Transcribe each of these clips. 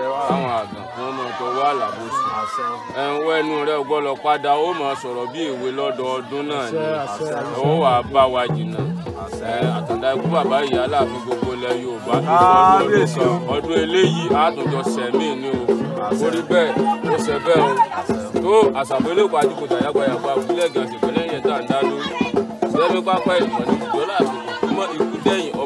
àwọn àgàn wọn mọ tọwọ ẹ ń wẹnu rẹ padà ó mọ sọrọ bí èwe lọ́dọọdún náà ni ó wà bá wa jìnnà àtàndá ikú bàbá ìyá fi gbogbo ilẹ̀ Yorùbá tó sọ ọdún eléyìí àtúntò sẹ̀mí ni o orí bẹẹ ó ṣe o tó abúlé dá lórí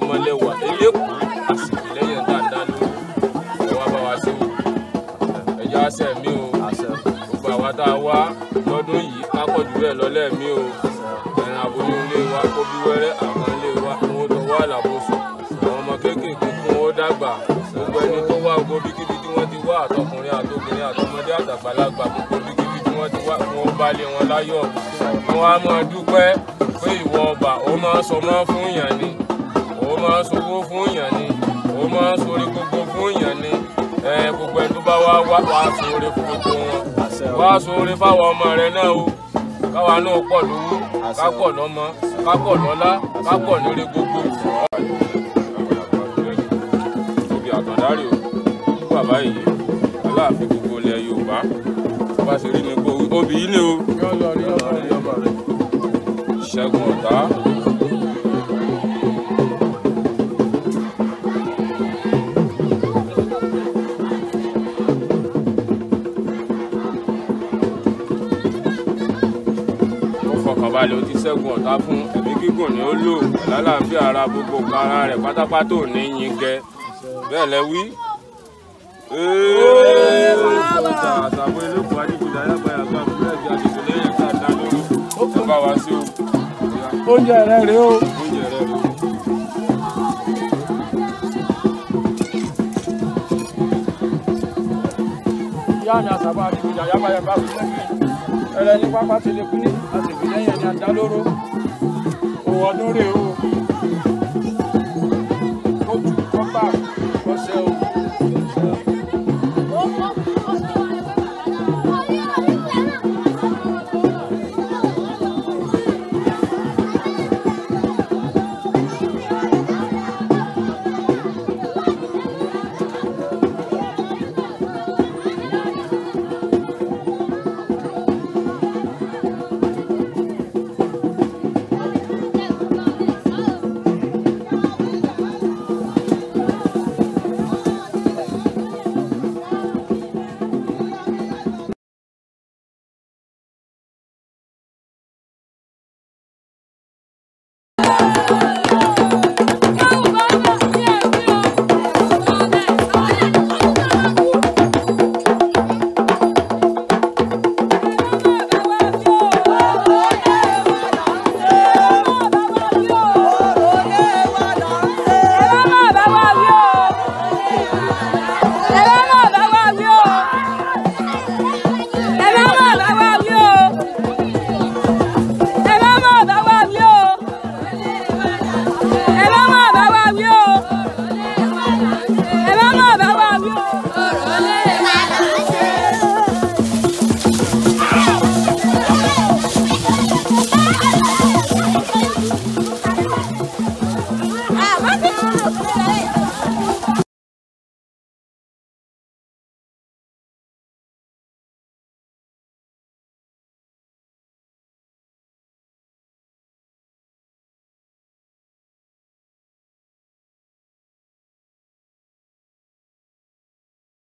tá a wá lọ́dún yìí ká pọ̀ jù bẹ́ẹ̀ lọ lẹ́ẹ̀mí o ẹ̀rìn àbóyún ilé wa kó bí wẹ́rẹ́ àwọn ilé wa wọn ò tọwọ́ àlàbòsùn àwọn ọmọ kéékèèké kún ó dàgbà gbogbo ẹni tó wá ògo bíkíbi tí wọ́n ti wá àtọkùnrin àtobìnrin àtọmọdé àtàgbàlagbà gbogbo bíkíbi tí ti wá fún ó lé wọn láyọ̀ wọn á máa pé ìwọ ọba ó máa sọmọ fún yàn ni ó máa sowó fún yàn ni ó máa sorí gbogbo fún yàn ni gbogbo ẹni tó bá wá wá wá sóore fún wá sóore fáwọn ọmọ rẹ náà o káwa náà pọ̀ lówó ká pọ̀ lọ́mọ ká pọ̀ lọ́lá ká pọ̀ lórí gbogbo. òbí àkàndárì o bàbá yìí aláàfin gbogbo ilẹ̀ Yorùbá tó bá ṣe rí ni pé obì yìí ni o. Ṣẹ́gun Ọ̀tá. balẹ̀ ó ti ṣẹ́gun ọ̀tá fún ẹ̀mí gígùn ni ó lò lálàáfíà ara gbogbo ara rẹ̀ pátápátá ò ní yín gẹ bẹ́ẹ̀ lẹ wí. àtàwọn elékòó adigunlẹ̀ ayábáyà bá mi bẹ́ẹ̀ bí adigun lẹ́yìn tá a dá lóru ẹ bá wa sí o. oúnjẹ rẹ rèé o. oúnjẹ rẹ rèé o. ìyá mi àtàwọn adigunlẹ̀ ayábáyà bá mi bẹ́ẹ̀ bí ẹlẹ́ni pápá tẹ̀lé kú ní a sì fi lẹ́yìn ẹni àdálóró òwò ọdún rèé o ¡Vamos!